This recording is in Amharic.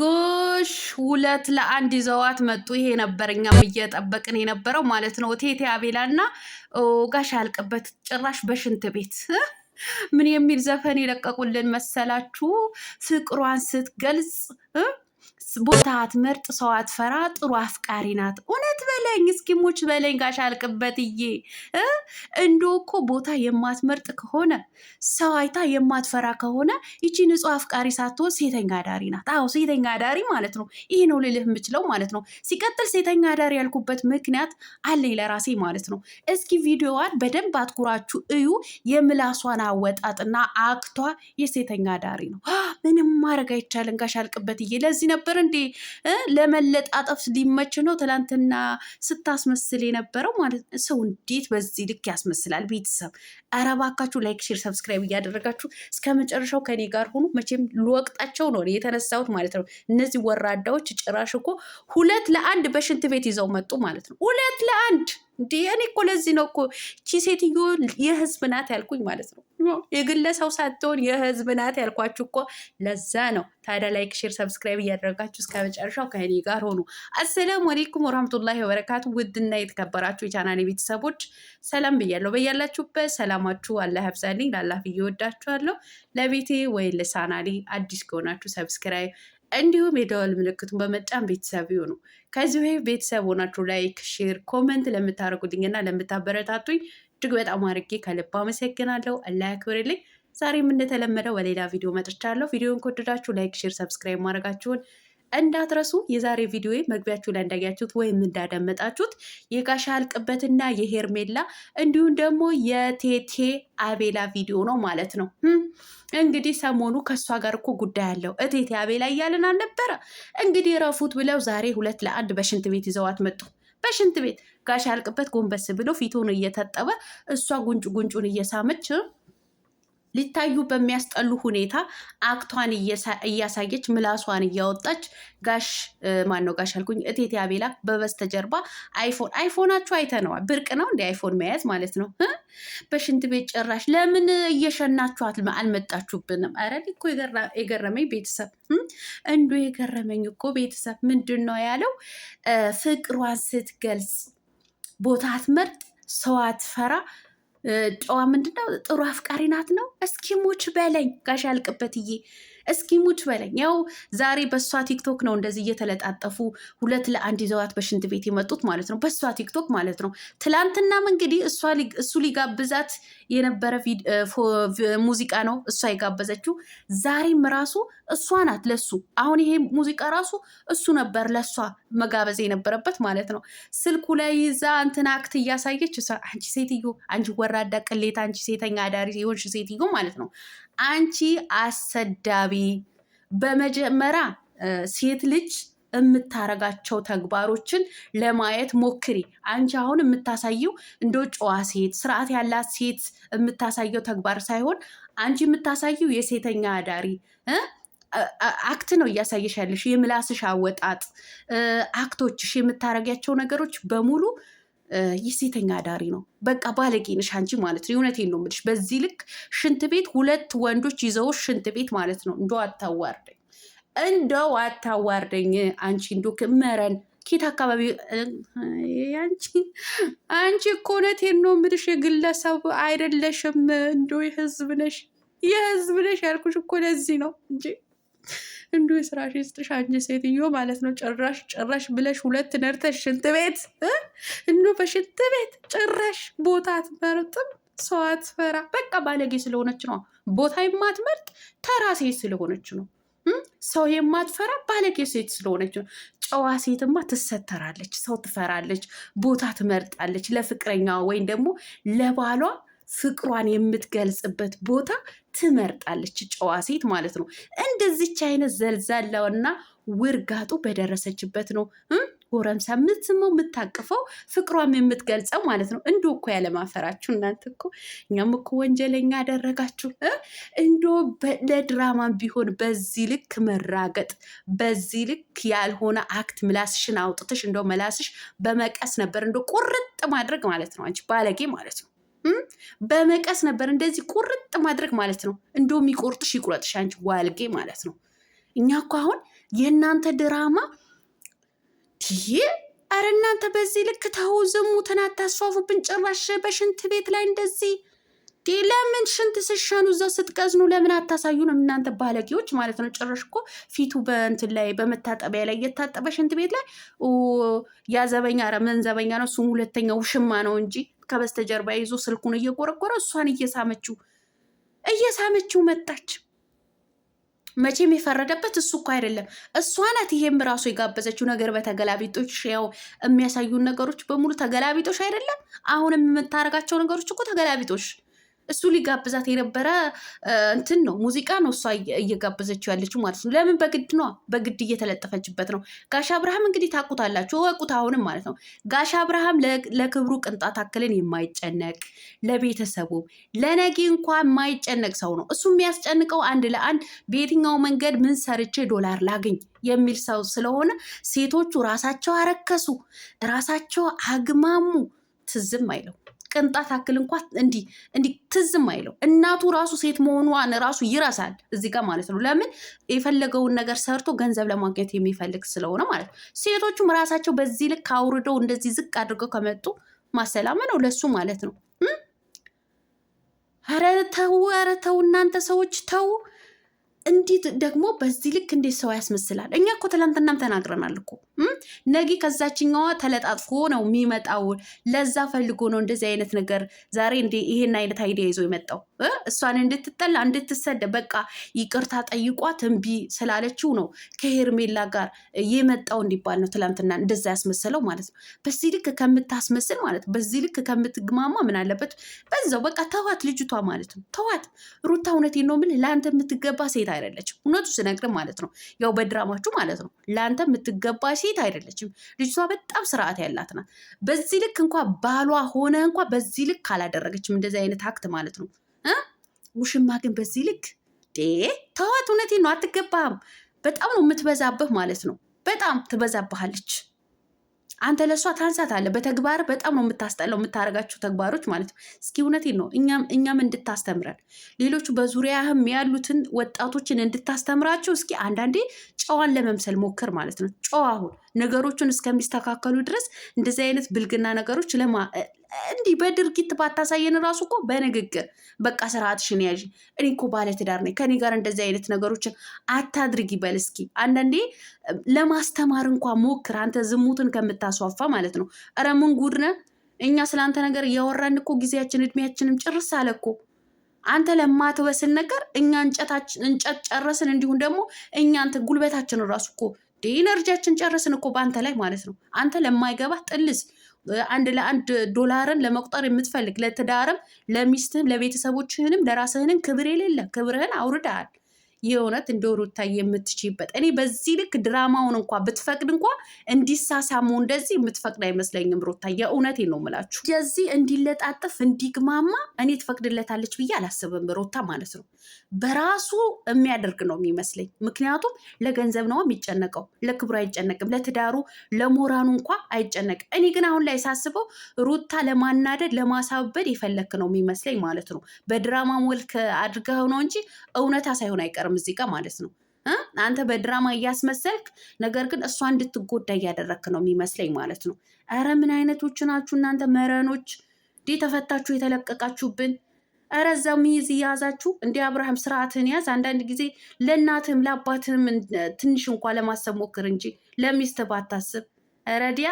ጎሽ ሁለት ለአንድ ይዘዋት መጡ። ይሄ ነበር እኛም እየጠበቅን የነበረው ማለት ነው። ቴቴ አቤላ እና ጋሽ ያልቅበት ጭራሽ በሽንት ቤት ምን የሚል ዘፈን የለቀቁልን መሰላችሁ? ፍቅሯን ስትገልጽ ቦታ አትመርጥ፣ ሰው አትፈራ፣ ጥሩ አፍቃሪ ናት። እውነት በለኝ እስኪ ሙች በለኝ ጋሽ አልቅበትዬ። እንዶ እኮ ቦታ የማትመርጥ ከሆነ ሰው አይታ የማትፈራ ከሆነ ይቺ ንጹሕ አፍቃሪ ሳትሆን ሴተኛ አዳሪ ናት። አዎ ሴተኛ አዳሪ ማለት ነው። ይሄ ነው ልልህ የምችለው ማለት ነው። ሲቀጥል ሴተኛ አዳሪ ያልኩበት ምክንያት አለኝ ለራሴ ማለት ነው። እስኪ ቪዲዮዋን በደንብ አትኩራችሁ እዩ። የምላሷን አወጣጥና አክቷ የሴተኛ አዳሪ ነው። ምንም ማድረግ አይቻልም ጋሽ አልቅበትዬ። ለዚህ ነበር እንዴ ለመለጣጠፍ ሊመች ነው? ትላንትና ስታስመስል የነበረው ማለት ሰው እንዴት በዚህ ልክ ያስመስላል? ቤተሰብ ኧረ እባካችሁ ላይክ፣ ሼር፣ ሰብስክራይብ እያደረጋችሁ እስከ መጨረሻው ከኔ ጋር ሆኑ። መቼም ልወቅጣቸው ነው የተነሳሁት ማለት ነው። እነዚህ ወራዳዎች ጭራሽ እኮ ሁለት ለአንድ በሽንት ቤት ይዘው መጡ ማለት ነው። ሁለት ለአንድ እንዲ እኔ እኮ ለዚህ ነው እኮ ቺ ሴትዮ የህዝብ ናት ያልኩኝ ማለት ነው። የግለሰው ሳትሆን የህዝብ ናት ያልኳችሁ እኮ ለዛ ነው። ታዲያ ላይክ፣ ሼር፣ ሰብስክራይብ እያደረጋችሁ እስከ መጨረሻው ከእኔ ጋር ሆኑ። አሰላሙ አሌይኩም ወራህመቱላሂ ወበረካቱ። ውድና የተከበራችሁ የቻናል ቤተሰቦች ሰላም ብያለሁ። በያላችሁበት ሰላማችሁ አላህ ሀብዛልኝ ላላፍ እየወዳችኋለሁ። ለቤቴ ወይ ለቻናሌ አዲስ ከሆናችሁ ሰብስክራይብ እንዲሁም የደወል ምልክቱን በመጫን ቤተሰብ ይሁኑ። ከዚህ ወይ ቤተሰብ ሆናችሁ ላይክ፣ ሼር፣ ኮመንት ለምታደርጉልኝና ለምታበረታቱኝ እጅግ በጣም አድርጌ ከልብ አመሰግናለሁ። አላህ ያክብርልኝ። ዛሬም እንደተለመደው በሌላ ቪዲዮ መጥቻለሁ። ቪዲዮን ከወደዳችሁ ላይክ፣ ሼር፣ ሰብስክራይብ ማድረጋችሁን እንዳትረሱ። የዛሬ ቪዲዮ መግቢያችሁ ላይ እንዳያችሁት ወይም እንዳዳመጣችሁት የጋሻ አልቅበትና የሄርሜላ እንዲሁም ደግሞ የቴቴ አቤላ ቪዲዮ ነው ማለት ነው። እንግዲህ ሰሞኑ ከእሷ ጋር እኮ ጉዳይ አለው እቴቴ አቤላ እያልን አልነበረ? እንግዲህ ረፉት ብለው ዛሬ ሁለት ለአንድ በሽንት ቤት ይዘዋት መጡ። በሽንት ቤት ጋሻ አልቅበት ጎንበስ ብሎ ፊቱን እየታጠበ እሷ ጉንጭ ጉንጩን እየሳመች ሊታዩ በሚያስጠሉ ሁኔታ አክቷን እያሳየች ምላሷን እያወጣች ጋሽ ማን ነው ጋሽ አልኩኝ እቴቴ አቤላ በበስተጀርባ አይፎን አይፎናችሁ አይተነዋል። ብርቅ ነው እንደ አይፎን መያዝ ማለት ነው። በሽንት ቤት ጭራሽ ለምን እየሸናችኋት አልመጣችሁብንም? ኧረ እኮ የገረመኝ ቤተሰብ እንዶ የገረመኝ እኮ ቤተሰብ ምንድን ነው ያለው ፍቅሯን ስትገልጽ ቦታ አትመርጥ ሰው አትፈራ ጨዋ ምንድነው ጥሩ አፍቃሪ ናት ነው። እስኪ በላይ በለኝ ጋሽ ያልቅበትዬ እስኪ ሙች በለኝ። ያው ዛሬ በእሷ ቲክቶክ ነው እንደዚህ እየተለጣጠፉ ሁለት ለአንድ ይዘዋት በሽንት ቤት የመጡት ማለት ነው፣ በእሷ ቲክቶክ ማለት ነው። ትላንትናም እንግዲህ እሱ ሊጋብዛት የነበረ ሙዚቃ ነው እሷ የጋበዘችው። ዛሬም ራሱ እሷ ናት ለሱ። አሁን ይሄ ሙዚቃ ራሱ እሱ ነበር ለእሷ መጋበዝ የነበረበት ማለት ነው። ስልኩ ላይ ይዛ እንትን አክት እያሳየች አንቺ ሴትዮ፣ አንቺ ወራዳ ቅሌታ፣ አንቺ ሴተኛ አዳሪ የሆንሽ ሴትዮ ማለት ነው አንቺ አሰዳቢ፣ በመጀመሪያ ሴት ልጅ የምታረጋቸው ተግባሮችን ለማየት ሞክሪ። አንቺ አሁን የምታሳየው እንደ ጨዋ ሴት ስርዓት ያላት ሴት የምታሳየው ተግባር ሳይሆን አንቺ የምታሳየው የሴተኛ አዳሪ አክት ነው እያሳየሽ ያለሽ። የምላስሽ አወጣጥ፣ አክቶችሽ፣ የምታረጊያቸው ነገሮች በሙሉ የሴተኛ አዳሪ ነው። በቃ ባለጌ ነሽ አንቺ ማለት ነው። የእውነቴን ነው የምልሽ። በዚህ ልክ ሽንት ቤት ሁለት ወንዶች ይዘው ሽንት ቤት ማለት ነው። እንደው አታዋርደኝ፣ እንደው አታዋርደኝ። አንቺ እንዶ መረን ኬት አካባቢ አንቺ አንቺ እኮ እውነቴን ነው የምልሽ። የግለሰብ አይደለሽም፣ እንዶ የህዝብ ነሽ፣ የህዝብ ነሽ ያልኩሽ እኮ ለዚህ ነው እንጂ እንዱ የስራሽ ይስጥሽ አንቺ ሴትዮ ማለት ነው። ጭራሽ ጭራሽ ብለሽ ሁለት ነርተሽ ሽንት ቤት እንዱ በሽንት ቤት ጭራሽ ቦታ አትመርጥም። ሰው አትፈራ። በቃ ባለጌ ስለሆነች ነው። ቦታ የማትመርጥ ተራ ሴት ስለሆነች ነው። ሰው የማትፈራ ባለጌ ሴት ስለሆነች ነው። ጨዋ ሴትማ ትሰተራለች፣ ሰው ትፈራለች፣ ቦታ ትመርጣለች። ለፍቅረኛዋ ወይም ደግሞ ለባሏ ፍቅሯን የምትገልጽበት ቦታ ትመርጣለች፣ ጨዋ ሴት ማለት ነው። እንደዚች አይነት ዘልዛላውና ውርጋጡ በደረሰችበት ነው ጎረምሳ የምትስመው የምታቅፈው ፍቅሯም የምትገልጸው ማለት ነው። እንዶ እኮ ያለማፈራችሁ እናንተ እኮ እኛም እኮ ወንጀለኛ ያደረጋችሁ። እንዶ ለድራማ ቢሆን በዚህ ልክ መራገጥ፣ በዚህ ልክ ያልሆነ አክት ምላስሽን አውጥተሽ እንደው መላስሽ በመቀስ ነበር እንደ ቁርጥ ማድረግ ማለት ነው። አንቺ ባለጌ ማለት ነው። በመቀስ ነበር እንደዚህ ቁርጥ ማድረግ ማለት ነው። እንደው የሚቆርጥሽ ይቁረጥሽ አንቺ ዋልጌ ማለት ነው። እኛ እኮ አሁን የእናንተ ድራማ ይሄ አረ እናንተ በዚህ ልክ ተው፣ ዝሙትን አታስፋፉብን። ጭራሽ በሽንት ቤት ላይ እንደዚህ ለምን ሽንት ስሸኑ እዛ ስትቀዝኑ ለምን አታሳዩንም? እናንተ ባለጌዎች ማለት ነው። ጭራሽ እኮ ፊቱ በእንትን ላይ በመታጠቢያ ላይ እየታጠበ ሽንት ቤት ላይ ያዘበኛ፣ ኧረ ምን ዘበኛ ነው እሱም፣ ሁለተኛ ውሽማ ነው እንጂ ከበስተጀርባ ይዞ ስልኩን እየጎረጎረ እሷን እየሳመችው እየሳመችው መጣች። መቼም የፈረደበት እሱ እኮ አይደለም እሷ ናት። ይሄም ራሱ የጋበዘችው ነገር በተገላቢጦች ያው የሚያሳዩን ነገሮች በሙሉ ተገላቢጦች አይደለም። አሁን የምታደርጋቸው ነገሮች እኮ ተገላቢጦች እሱ ሊጋብዛት የነበረ እንትን ነው ሙዚቃ ነው እሷ እየጋበዘችው ያለችው ማለት ነው። ለምን በግድ ነው፣ በግድ እየተለጠፈችበት ነው። ጋሽ አብርሃም እንግዲህ ታቁታላችሁ እወቁት አሁንም ማለት ነው። ጋሽ አብርሃም ለክብሩ ቅንጣት አክልን የማይጨነቅ ለቤተሰቡ ለነጌ እንኳ የማይጨነቅ ሰው ነው። እሱ የሚያስጨንቀው አንድ ለአንድ በየትኛው መንገድ ምን ሰርቼ ዶላር ላግኝ የሚል ሰው ስለሆነ ሴቶቹ ራሳቸው አረከሱ፣ ራሳቸው አግማሙ፣ ትዝም አይለው ቅንጣት አክል እንኳ እንዲ ትዝም አይለው። እናቱ ራሱ ሴት መሆኗን ራሱ ይረሳል እዚህ ጋር ማለት ነው። ለምን የፈለገውን ነገር ሰርቶ ገንዘብ ለማግኘት የሚፈልግ ስለሆነ ማለት ነው። ሴቶቹም ራሳቸው በዚህ ልክ አውርደው እንደዚህ ዝቅ አድርገው ከመጡ ማሰላመ ነው ለሱ ማለት ነው። ኧረ ተው፣ ኧረ ተው እናንተ ሰዎች ተው። እንዴት ደግሞ በዚህ ልክ እንዴት ሰው ያስመስላል? እኛ እኮ ትላንትናም ተናግረናል እኮ ነጊ ከዛችኛዋ ተለጣጥፎ ነው የሚመጣው። ለዛ ፈልጎ ነው እንደዚህ አይነት ነገር ዛሬ ይሄን አይነት አይዲያ ይዞ የመጣው እሷን እንድትጠላ እንድትሰደ፣ በቃ ይቅርታ ጠይቋት እምቢ ስላለችው ነው ከሄርሜላ ጋር የመጣው እንዲባል ነው ትላንትና እንደዛ ያስመሰለው ማለት ነው። በዚህ ልክ ከምታስመስል ማለት በዚህ ልክ ከምትግማማ ምን አለበት በዛው በቃ ተዋት፣ ልጅቷ ማለት ነው ተዋት። ሩታ እውነቴን ነው የምልህ ለአንተ የምትገባ ሴት አይደለችም። እውነቱ ስነግር ማለት ነው። ያው በድራማችሁ ማለት ነው። ለአንተ የምትገባ ሴት አይደለችም። ልጅቷ በጣም ስርዓት ያላት ናት። በዚህ ልክ እንኳ ባሏ ሆነ እንኳ በዚህ ልክ አላደረገችም። እንደዚህ አይነት አክት ማለት ነው። ውሽማ ግን በዚህ ልክ ተዋት። እውነቴን ነው። አትገባም። በጣም ነው የምትበዛብህ ማለት ነው። በጣም ትበዛብሃለች። አንተ ለእሷ ታንሳት አለ በተግባር በጣም ነው የምታስጠላው የምታደርጋቸው ተግባሮች ማለት ነው። እስኪ እውነቴን ነው እኛም እንድታስተምረን ሌሎቹ በዙሪያህም ያሉትን ወጣቶችን እንድታስተምራቸው እስኪ አንዳንዴ ጨዋን ለመምሰል ሞክር ማለት ነው። ጨዋ ሁን ነገሮቹን እስከሚስተካከሉ ድረስ እንደዚህ አይነት ብልግና ነገሮች እንዲህ በድርጊት ባታሳየን ራሱ እኮ በንግግር በቃ ስርዓትሽን ያዥ፣ እኔ እኮ ባለትዳር ነኝ፣ ከኔ ጋር እንደዚህ አይነት ነገሮችን አታድርጊ በል እስኪ። አንዳንዴ ለማስተማር እንኳ ሞክር፣ አንተ ዝሙትን ከምታስዋፋ ማለት ነው። ኧረ ምን ጉድ ነህ! እኛ ስለአንተ ነገር እያወራን እኮ ጊዜያችን እድሜያችንም ጭርስ አለ እኮ አንተ ለማትወስን ነገር እኛ እንጨት ጨረስን። እንዲሁም ደግሞ እኛ አንተ ጉልበታችን ራሱ እኮ ኢነርጂያችን ጨረስን እኮ በአንተ ላይ ማለት ነው። አንተ ለማይገባ ጥልስ አንድ ለአንድ ዶላርን ለመቁጠር የምትፈልግ ለትዳርም፣ ለሚስትህም፣ ለቤተሰቦችህንም፣ ለራስህንም ክብር የሌለ ክብርህን አውርደሃል። የእውነት እንደ ሩታ የምትችይበት እኔ በዚህ ልክ ድራማውን እንኳ ብትፈቅድ እንኳ እንዲሳሳሙ እንደዚህ የምትፈቅድ አይመስለኝም። ሩታ የእውነቴ ነው ምላችሁ፣ የዚህ እንዲለጣጥፍ እንዲግማማ እኔ ትፈቅድለታለች ብዬ አላስብም። ሩታ ማለት ነው በራሱ የሚያደርግ ነው የሚመስለኝ። ምክንያቱም ለገንዘብ ነው የሚጨነቀው፣ ለክብሩ አይጨነቅም፣ ለትዳሩ ለሞራኑ እንኳ አይጨነቅም። እኔ ግን አሁን ላይ ሳስበው ሩታ ለማናደድ ለማሳበድ የፈለክ ነው የሚመስለኝ ማለት ነው። በድራማ መልክ አድርገው ነው እንጂ እውነታ ሳይሆን አይቀርም። አይቀርም እዚህ ጋር ማለት ነው። አንተ በድራማ እያስመሰልክ ነገር ግን እሷ እንድትጎዳ እያደረክ ነው የሚመስለኝ ማለት ነው። ኧረ ምን አይነቶች ናችሁ እናንተ መረኖች! እንዴ ተፈታችሁ የተለቀቃችሁብን ኧረ እዛው ሚይዝ እያያዛችሁ እንዲህ አብርሃም ስርዓትህን ያዝ። አንዳንድ ጊዜ ለእናትህም ለአባትህም ትንሽ እንኳ ለማሰብ ሞክር እንጂ ለሚስት ባታስብ ረዲያ